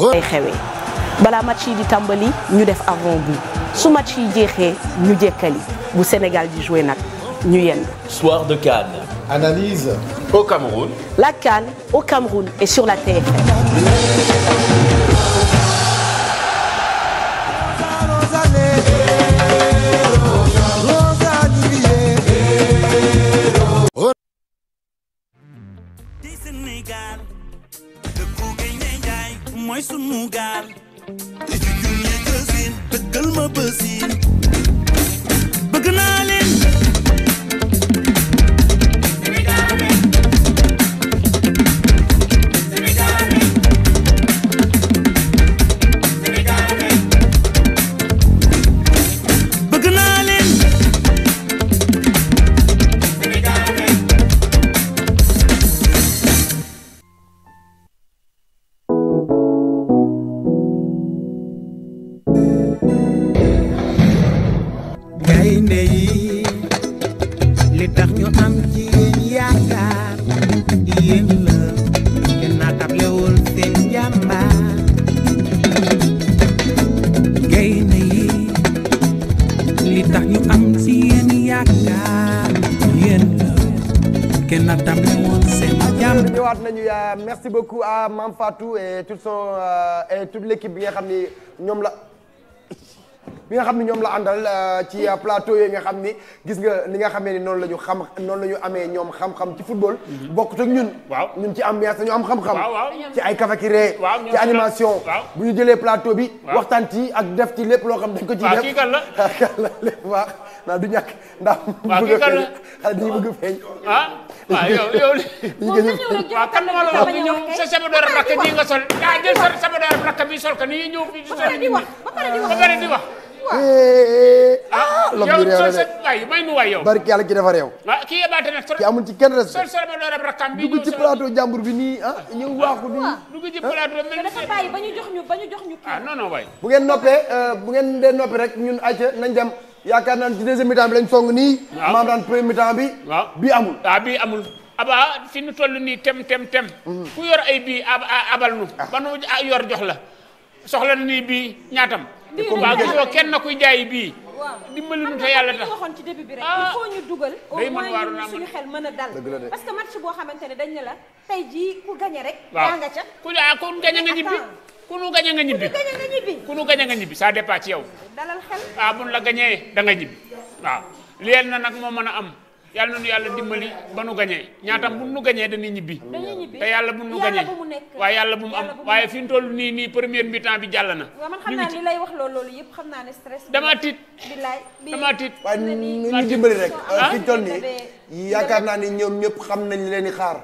lay oh. xewee balaa match di tàmbali ñu def avant bi su match yi jeexee ñu jekkali bu Sénégal di joué nag ñu yenn. Soir de Cannes. Analyse. Au Cameroun. et sur la TFM. mooy sunu gaal. li ci junjee jësin dëggal ma bësin gaynde yi li tax ñu am ci yéen yaakaar yéen la kenn naatablewul seen jàmbaar gaynde yi li tax ñu am ci yéen yaakaar yéen la kenn naatablewul seen jàmbaar ñëwaat nañu euh, merci beaucoup à Mam Fatou et toute son euh, et toute l'équipe bi nga xam ni ñoom la bi nga xam ni ñoom la àndal euh, ci euh, plateau yi nga xam ni gis nga ni nga xamee ni noonu la ñu xam noonu la ñu amee ñoom xam-xam ci football. Mhm. bokkut ak ñun. waaw ñun ci am ambiance ñu am xam-xam. ci ay kafe ki ree ci animation. bu ñu jëlee plateau bi. waxtaan ci ak def ci lépp loo xam dañ ko ciy def. waaw kii la lépp waaw naa du ñàkk ndax. waaw kii kan la xale dañuy a feeñ. ah sa sabadoor rakk nii nga sol. sa sabadoor rakk bi ba pare di wa Eh, eh, eh. ah lam bi réew de waay may nu waay yow barki yàlla ki dafa réew ah, ki yebaate nag ki amul ci kenn respect sol ma doorab rakam bi dugg ci plateau jàmbur bi nii ah ñëw ah, waaxu nii dugg ah. ba ñu jox ñu ba ñu jox ñu ah waay bu ngeen noppee euh, bu ngeen dee noppi rek ñun acca nañ dem yaakaar naa ci deuxième mi bi lañ song nii maam daan premier mi bi waaw bii amul ah bii amul aba fi ñu toll nii tem tem tem mhm. ku yor ay bii abal nu ba nu yor jox la soxla na nii bii ñaatam waaw gisoo kenn na kuy jaay bii dimbali te yàlla tax waxoon ci bi rek ah. il faut ñu dugal au moins suñu parce que match boo xamante ne dañ ne la tey jii ku gañe rek yaa nga ca ku nga ñibbi ku nu gañe nga ñibbi ku nu gañe nga ñibbi ça dépend ci yow dalal xel ah bu nu la gañee da nga ñibbi waaw leen na nag moo mën a am yàlla na nu yàlla dimbali ba nu gañee ñaatam bu nu gañee dañuy ñibbi. dañuy ñibbi te yàlla bu nu gañee waaye yàlla bu mu am waaye fi mu nii nii première mi bi jàll na. ñu tiit. damaa tiit. waaye naa ni ñoom ñëpp xam nañ leen di xaar.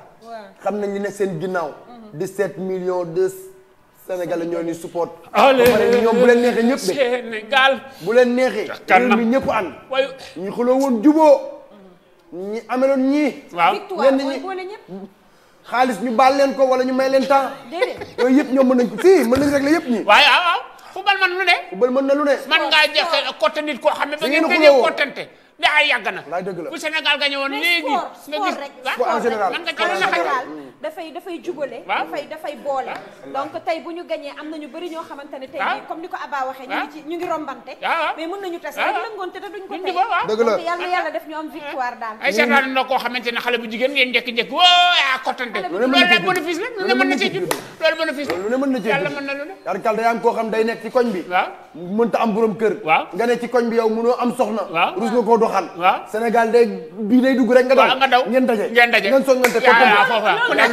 xam nañ li ne seen ginnaaw. 17 mhm. millions de Sénégalais ñoo ni support. allé ñoom bu leen neexee ñëpp de. Sénégal bu leen neexee. kan ñëpp ànd. ñu xuloo woon juboo ñi ameloon ñii. waaw ñenn ñi xaalis ñu baal leen ko wala ñu may leen temps. déedéet yooyu yëpp ñoom mën nañ ko si mën nañ régler yëpp ñii. waaye waaw ah, ah, waaw football man lu ne. football mën na lu ne. man ngaa jeex côté nit koo xam ne ba ngeen gënee kottante. daa yàgg na. laay dëgg la ga Sénégal gañe woon léegi. nga gis sport en général man nga dafay dafay jubale dafay dafay boole donc tey bu ñu gañee am nañu bëri ñoo xamante ne tey comme ni ko Abba waxee ñu ngi rombante mais mën nañu tas rek lëngoonte te duñ ko tey donc yàlla na yàlla def ñu am victoire daal ay seetaan na koo xamante ne xale bu jigéen ngeen njëkk-njëkk wo a kottante loolu la bénéfice la lu ne mën na ci jur loolu bénéfice la lu ne mën na ci yàlla mën na lu ne yar kal day am koo xam day nekk ci koñ bi waaw mënta am borom kër waaw nga ne ci koñ am soxna waaw nga koo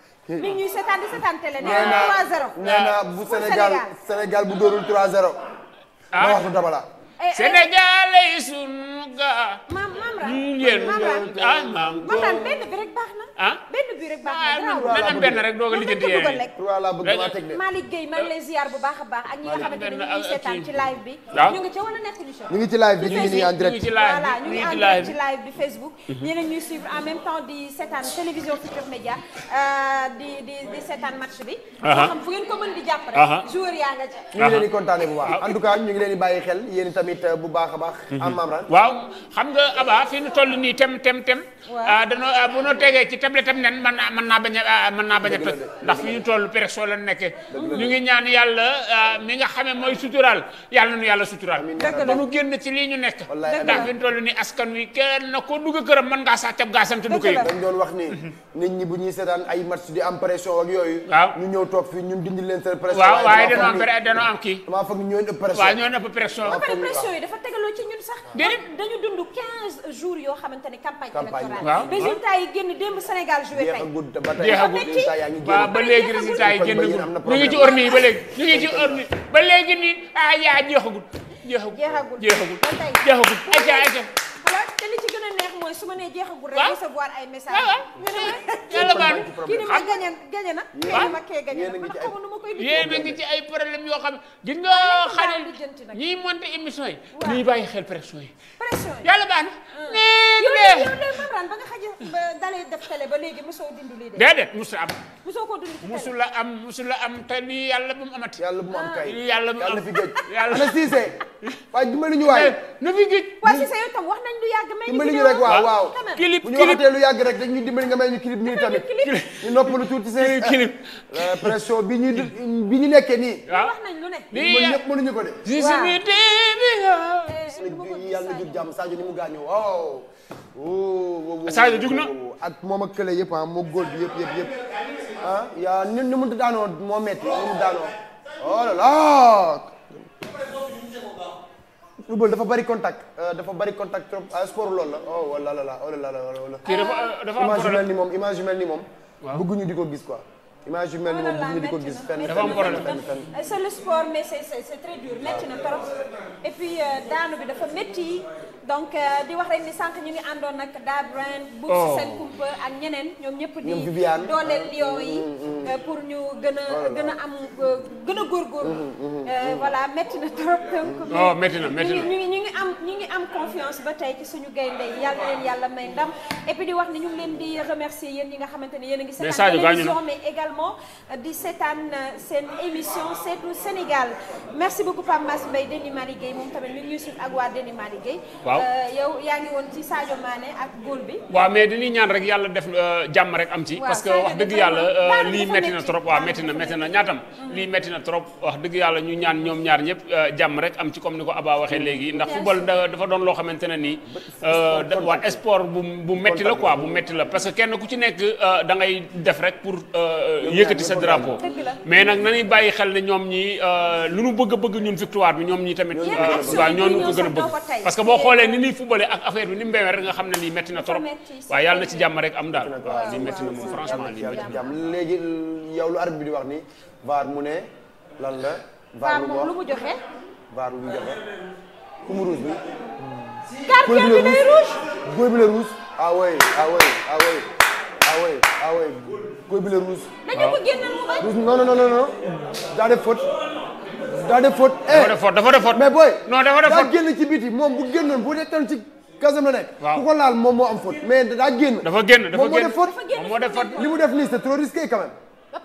mi na bu Sénégal Sénégal bu dóorul 3-0. ah ma wax Dabala. Eh, eh. Sénégal ay sunu Mm, yéen ah maam maam benn bi rek baax na. ah benn bi rek baax na. ah benn rek doog a lijjanti yéen rek. Malick Gueye maa ngi lay ziar bu baax a baax ak ñi nga xamante ne ñu ngi seetaan ci live bi. ñu ngi ca wala nekkuñu ca. ñu ngi ci live bi ñu ngi nii en direct. voilà ñu ngi en direct ci live bi Facebook. ñeneen mhm. ñuy suivre en même temps di seetaan télévision Futurs Médias euh, di di di seetaan match bi. moo xam fu ngeen ko mën di jàpp rek. joueur yaa nga ca. ñu ngi leen di kontaane bu baax en tout cas ñu ngi leen di bàyyi xel yéen tamit euh, bu baax a baax. Mhm. am Mamran waaw xam nga Aba fi nu toll nii tem tem tem. waaw ah, ah, bu noo tegee ci tablette nen mën naa mën a ah, mën a toj ndax fi ñu toll pression la nekkee. ñu ngi ñaan yàlla mi nga xamee mooy suturaal yàlla nu yàlla suturaal. ba nu génn ci lii ñu nekk. ndax fi ñu toll nii askan wi kenn na ko dugg këram mën ngaa sax teb gaasam te du ko yëg. bu ñuy seetaan ay match di am pression ak yooyu. waaw ñu ñëw toog fii ñun dindi leen seen pression. waaw waaw ñoo ëpp pression. pression yi dafa tegaloo ci ñun sax. dañu dund jours yoo xamante ne campagne électorale résultat yi génn démb Sénégal joué tey waaw ba léegi résultat yi génn ñu ngi orni yi ba léegi ñu ngi ci orni ba léegi ni ah yaa jeexagul jeexagul jeexagul jeexagul mooy su ma nee jeexagul rek recevoir ay messages. yàlla baax na kii ni ma gañe gañe na. kii ni ma na man xamu a ngi ay problème yoo xam ne gis nga xale ñiy monté émission yi. waaw ñuy bàyyi pression yi. pression yi yàlla baax na. Ah. nee yow ba nga a dalee def ba léegi mosoo dindi lii de. déedéet mosul musoo ko dund musu la am musu la am te lii yàlla bu mu amati. yàlla bu mu am kay yàlla bu am fi géej. yàlla na Cissé. waaye dimbali ñu waaye. na fi géej. waa Cissé yow tam wax nañ lu yàgg. may dimbali ñu rek waaw waaw. clip clip bu ñu waxatee lu yàgg rek dañuy dimbali nga may ñu clip nii tamit. ñu noppalu tuuti seen. clip euh, pression bi ñu bi ñu nekkee nii. waaw ah. wax nañ lu ne. lii yàlla ñëpp mënuñu ko de. waaw ah. eh, yàlla na jur jàmm Sadio ni mu gaañoo waaw. Oh. Oh, oh, Sadio jug na. ak moom ak kële yëpp ah moo góor bi yëpp yëpp yëpp ah yaa ni ni mu daanoo moo metti ni mu daanoo oh là là football dafa bari contact euh, dafa bari contact trop ah, sport loolu la oh wala la la oh la la la. kii dafa dafa am problème image yu mel ni moom image yu mel ni moom. waaw bëgguñu di ko gis quoi. image yu mel ah, ni moom bëgg nga di ko gis fenn dafa am problème fenn fenn euh, c'est le sport mais c'est c'est très dur métti na trop et puis euh, daanu bi dafa métti donc euh, di wax rek ni sànq ñu ngi àndoon nag Da Brand Boubs oh. seen kumpa ak ñeneen ñoom ñëpp di dooleel ah. lion yi mm, mm, mm. pour ñu gën a oh gën a am gën a góorgóorlu voilà métti na trop donc oh, métti na métti na ñu ngi ñu ngi am ñu ngi am confiance ba tey ci suñu gaynde yi yàlla leen yàlla may ndam et puis di wax ni ñu ngi leen di remercier yéen ñi nga xamante ne yéen a ngi seetaan télévision mais également également di seetaan seen émission seetu Sénégal merci beaucoup Pape Mass Mbaye Déni Marie moom tamit mi ngi ak waa Déni Marie euh, yaa ngi woon ci Sadio Mané ak góol bi. waaw mais dañuy ñaan rek yàlla def euh, jàmm rek am ci. parce que wax dëgg yàlla euh, lii metti na trop waaw metti na metti na ñaatam. Mm. lii metti na trop wax dëgg yàlla ñu ñaan ñoom ñaar ñëpp jàmm rek am ci comme ni ko Aba waxee mm. léegi ndax football dafa doon loo xamante ne nii. waa sport bu bu metti la quoi bu metti la parce ku ci nekk da yëkkati sa drapeau mais nag nañuy bàyyi xel ne ñoom ñi euh, lu nu bëgg bëgg ñun victoire bi ñoom ñi tamit euh, waaw ñoonu ko gën a bëgg parce que boo xoolee ni ñuy footballé ak affaire bi ni mu rek nga xam ne lii metti na trop waaw yàlla na ci jàmm rek am daal waaw lii metti na moom franchement lii metti na léegi yow lu bi di wax ni mu ne lan la VAR moom lu mu joxe VAR lu mu bi gardien bi ah oui ah oui. góor bi la ruus. waaw ruus non non non non. daa def faute. daa def faute. Eh. dafa def faute dafa def faute. mais booy. non dafa def faute daa génn ci biti moom bu génnoon bu dee tam ci kasam la nekk. waaw ku ko laal moom moo am faute mais daa génn. dafa génn dafa génn moom moo def faute. moom moo def faute li mu def nii c'est trop risqué quand même.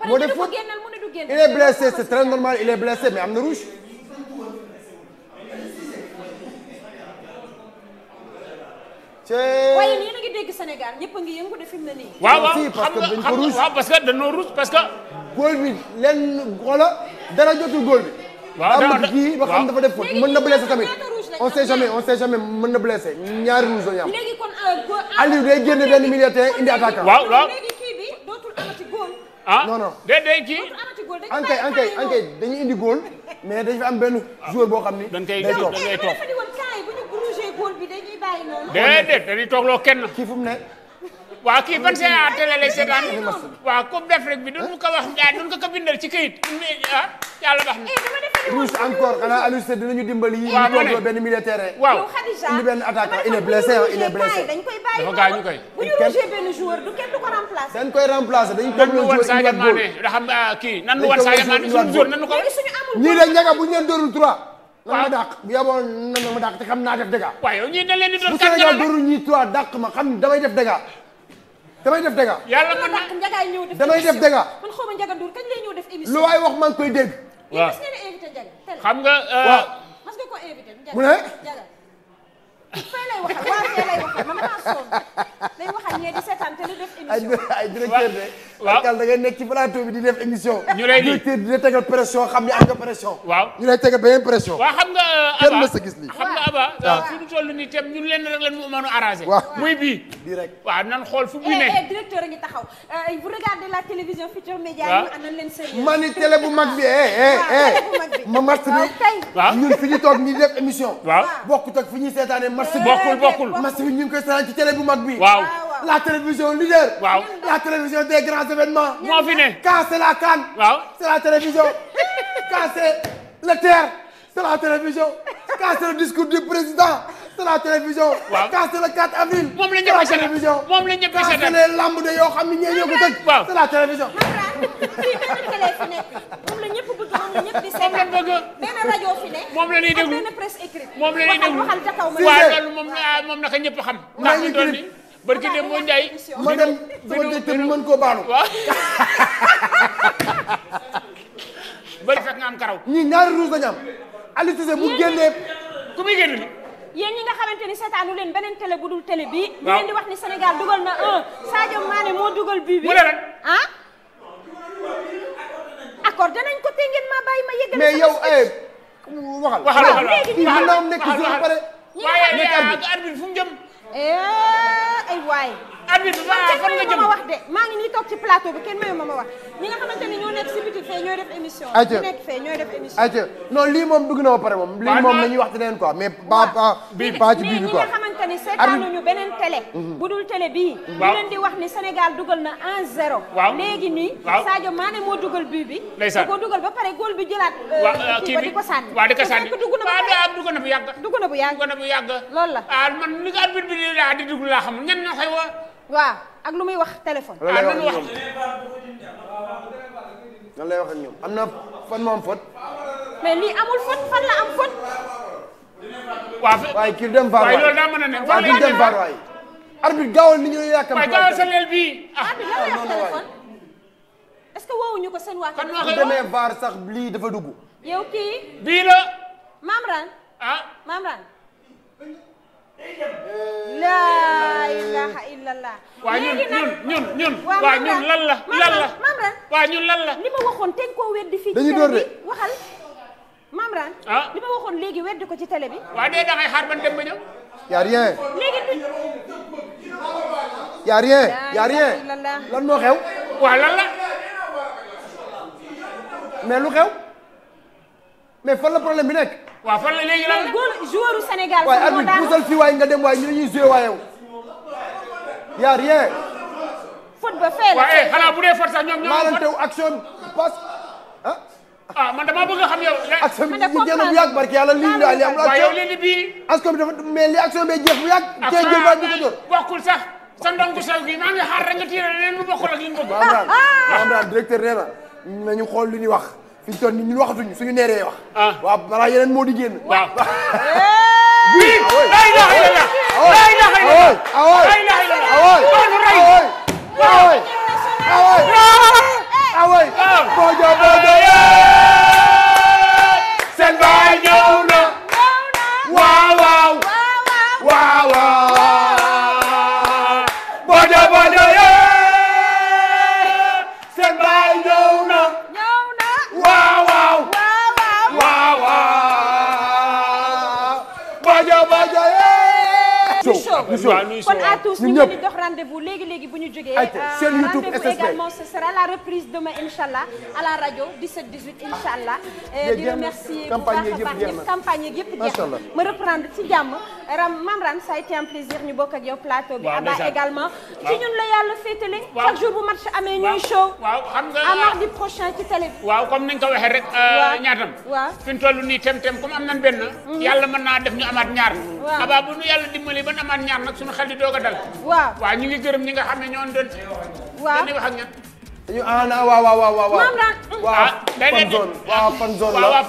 moo def faute il est blessé c'est très normal il est blessé waaye yéen a ñëpp a ngi yëngu de fi mu ne nii. waaw waaw parce que dañ ko ruus parce que dañoo ruus parce que. góol bi lenn xoola dara jotul góol dara dara kii ba xam dafa na blessé tamit. on sait jamais on sait jamais mën na blessé ñaari rouge la ñu am. léegi kon euh, góol Aliou day génne benn milieu terrain indi attaquant. waaw waaw léegi bi dootul ankay ankay ankay indi góol mais dañu fi am benn joueur boo xam ni. Ah. dañ koy dañ déedéet dañuy toogloo kenn. kii fu mu ne. waaw kii ban seen a télé lay seetaan. waaw coupe d'Afrique bi duñ ko wax gars duñ ko ko bindal ci këyit. ah yàlla baax na. Eh, ruus encore xanaa Aliou Cissé dinañu dimbali. yi ñu toogloo benn militaire. waaw indi benn attaquant il est blessé il est blessé. dafa gaañu koy. bu ñu rougé benn joueur du kenn du ko remplacer. dañ koy remplacer dañ toogloo joueur indiwaat góor. nan nu war Sadio Mané dañ xam ah, kii nan nu war Sadio Mané suñu jour nan nu ko. ñii de ñaga bu ñu leen dóorul trois waaw ma dàq na ma te xam naa def dégâts. waaw yow ñii da leen di doon ma xam damay def dégâts damay def dégâts. yàlla mën na dàq ñëw def damay def dégâts. man xaw ma Ndiaga Ndour kañ lay ñëw def émission. lu waay wax maa koy dégg. waaw yéen gis xam nga. Euh, waaw mas nga ko invité Ndiaga. mu fay lay waxal waa fee lay waxal man maa sonn day waxal di seetaan te lu def émission. ay directeur de. waaw da ngay nekk ci plateau bi di def émission. ñu lay nii directeur di la tegal pression xam ni am nga pression. waaw ñu lay tegal beneen pression. waaw xam nga Aba kenn mës gis lii. xam nga Aba. toll nii itam ñun lenn rek lan mu mën a arrangé. muy bii. bii rek waaw nan xool fu bii ne. eh, eh directeur a ngi taxaw eh, vous regardez la télévision Futurs Médias. waaw ñu àndal leen seen ma ni télé bu mag bi eh eh eh. ma match bi ñun fi ñu toog ñu def émission. waaw bokkut ak fi ñuy seetaanee match bi. Eh, bokkul bokkul match bi ñu ngi koy seetaan ci télé bu mag bi. waaw la télévision leader. waaw la télévision des grands événements. moo fi ne quand c'est la CAN. waaw c'est la télévision quand c'est le TER. c'est la télévision quand c'est le discours du président de la télévision. waaw casse le 4 avril. moom la ñëpp a seetal moom la ñëpp a seetal casse les lamb de yoo xam ne ñee ñoo ko tëj. waaw de la télévision. moom la ñëpp bëgg moom la ñëpp di seetal. benn rajo fi ne. moom la ñuy déglu ak benn presse écrite. moom la ñuy déglu waxal waxal taxaw ma. waaw loolu moom moom naka ñëpp xam. ndax ñu doon ni barki dem moo Ndiaye. ma dem sama directeur mën koo baalu. waaw. bëri fekk nga am karaw. ñii ñaari ruus dañu am. Aliou Cissé bu génnee. ku muy génn. yéen ñi nga xamante ni seetaanu leen beneen télé bu dul télé bii. waaw ñu wax ni Sénégal dugal na un Sadio Mané moo dugal bii bi. mu ne rek ah. accordé nañ ko te ngeen maa bàyyi ma yëgal. mais yow eh waxal. waxal waxal waaw léegi ñu. waxal waxal waaye arbitre fu mu jëm. Eh. ay waay. arbitre bi ah fan nga jëm ma wax de maa ngi nii toog ci plateau bi kenn mayu ma ma wax ñi nga xamante ñoo nekk si biti fee ñooy def émission. ayca nekk lii moom dugg na ba pare moom. lii moom la ñuy wax leen quoi mais. pas pas pas ci biir bi quoi. mais ñi nga xamante ni seetaanuñu beneen télé. Mhm. bu dul télé bii. waaw di wax ni Sénégal dugal na 1-0. waaw léegi nii. waaw Sadio Mané moo dugal bii bi. ndeysaan di ko dugal ba pare góol bi jëlaat. Euh, waaw kii bi di ko sànni. waaw di ko na bu yàgg. na bu yàgg. lim ñu xew waaw ak lu muy wax téléphone. lan lay wax ak ñoom lan lay wax ak ñoom am na fan moo am fot. mais lii amul fot fan la am fot. waaye kii dem vaar waay loolu daa mën a ne waaye kii dem vaar waay. arbitre gaawal ni ñu yàkkam. waaye gaawal sa leel bii. ah non non waay est-ce que woowuñu ko seen waa. kan waxee bu demee vaar sax lii dafa dugg. yow kii. bii la. Mamran. ah Mamran. laa ilaha illallah. léegi nag ñun ñun ñun. waaw ñun lan la la la. li ma waxoon te koo weddi fii. dañuy door de waxal. Mamran. ah li ma waxoon léegi weddi ko ci télé bi. waaw dee da ngay xaar ban dem ba ñëw. y a rien. léegi duñ. y a rien lan moo xew. waaw lan la. mais fan la problème bi nekk. waaw fan la léegi lan. góor joueur Sénégal. waaye arbitre puusal fii waaye nga dem waaye ñu ne ñuy joué waaye yow. y a foot ba fee la. waaye xanaa bu dee far maa leen a xam yow. action bi ñu jéem a bu yàgg barke yàlla lii li am la. waaye yow lii li bii. action bi dafa mais li action bee jeex bu yàgg. cee ah, jël sax sa ndongo sew gi maa ngi xaar directeur nee nañu xool li ñuy wax fi ñu toll nii ñun waxatuñu suñu neeree wax. ah waaw balaa yeneen moo di génn. waaw. Eh. bii la ilaha illallah. la ilaha illallah. la ilaha illallah. loolu rey. awoy awoy awoy. boojo boojo. seen baay ñëw show. kon à tous ñu ngi dox rendez-vous léegi léegi bu ñu jógee. Euh, rendez-vous également ce sera la reprise demain incha allah à la rajo 17 18 incha allah. di remercier bu baax a ma Ram Mam Ran ça a plaisir ñu bokk ak yow bi. Aba également ci ñun la yàlla féetale. chaque jour bu match amee ñuy show. nga à mardi prochain ci télé waaw comme ni nga ko waxee rek. Euh, ñaatam waaw fi ñu toll nii tem tem comme am nañ benn. Mhm. yàlla mën naa def ñu amaat ñaar. waaw Aba bu ñu yàlla ñaar nag suñu xel di doog dal. waaw waaw ñu ngi gërëm ñi nga xam ne ñoo doon. waaw dañuy wax ak ñan. ñu ana ah, waaw waaw waaw waaw. maam la ah day fan la waaw fan zone. waaw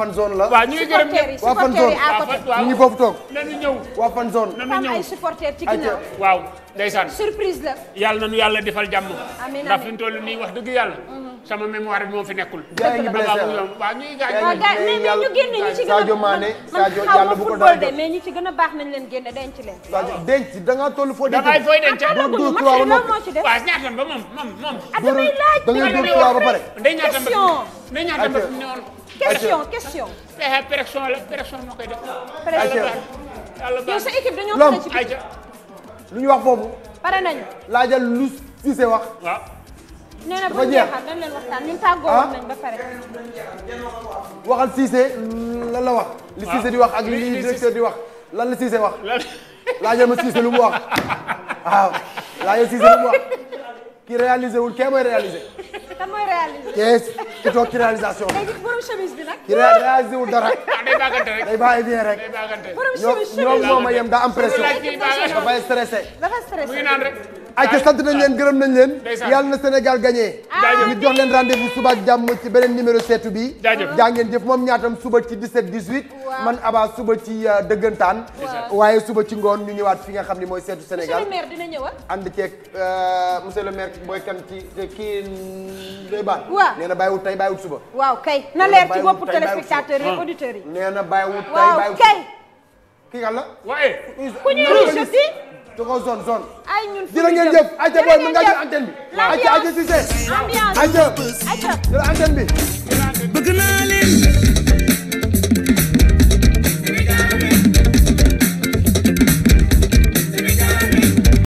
fan zone la. waaw ñu ngi gërëm ñëpp waaw fan zone ñu ngi foofu toog. nañu ñëw waaw fan zone. nañu ñëw ay supporter ci ginnaaw waaw ndeysaan surprise la. yàlla na nu yàlla defal jàmm. amiin amiin nii wax dëgg yàlla. Mm. sama mémoire bi moo fi nekkul. gars yi ñu blessé waaw ñuy gars yi. mais ñu génne ñu ci gën a a baax nañ leen génne denc leen. denc da ngaa toll foo la pression sa équipe foofu. pare nañu. laajal lu Cissé wax. nee na bu jeexal dañ leen waxtaan ñun tàggoo woon ah? nañ ba pare. waxal Cissé lan la wax. li Cissé di wax ak li directeur di wax lan la Cissé wax. laajal ma Cissé lu mu wax waaw laajal Cissé lu mu wax ki réalisé wul kee mooy réalisé. kan mooy réalisé. kees ki toog ci réalisation bi. léegi borom chemise bi nag. ki réalisé wul dara. Ah, day baagante rek day bàyyi bien rek. borom chemise chemise ñoom ñoom ma yem daa am pression. dafay stressé. dafa stressé mu ngi naan rek. ay ca sant nañ leen gërëm nañ leen yàlla na Sénégal gagné ñu jox leen rendez-vous suba ak jàmm ci beneen numéro seetu bi jaa ngeen jëf moom ñaatam suba ci 17 18 man Aba suba ci euh, dëggantaan waaye suba ci ngoon ñu ñëwaat fi nga xam ne mooy seetu Sénégal ànd ceeg euh, monsieur le maire booy kan ci kii day baan nee na bàyyiwut tey bàyyiwut suba waaw kay na leer ci boppu téléspectateurs yi ah. auditeurs yi nee na bàyyiwut tey bàyyiwut kay kii kan la ku ñuy ruus aussi da koo zone zone. ay ñun fi ngeen jëf ayca booy mën ngaa jël antenne bi. ayca ayca Cissé. ambiance ayca jël antenne bi. bëgg naa leen.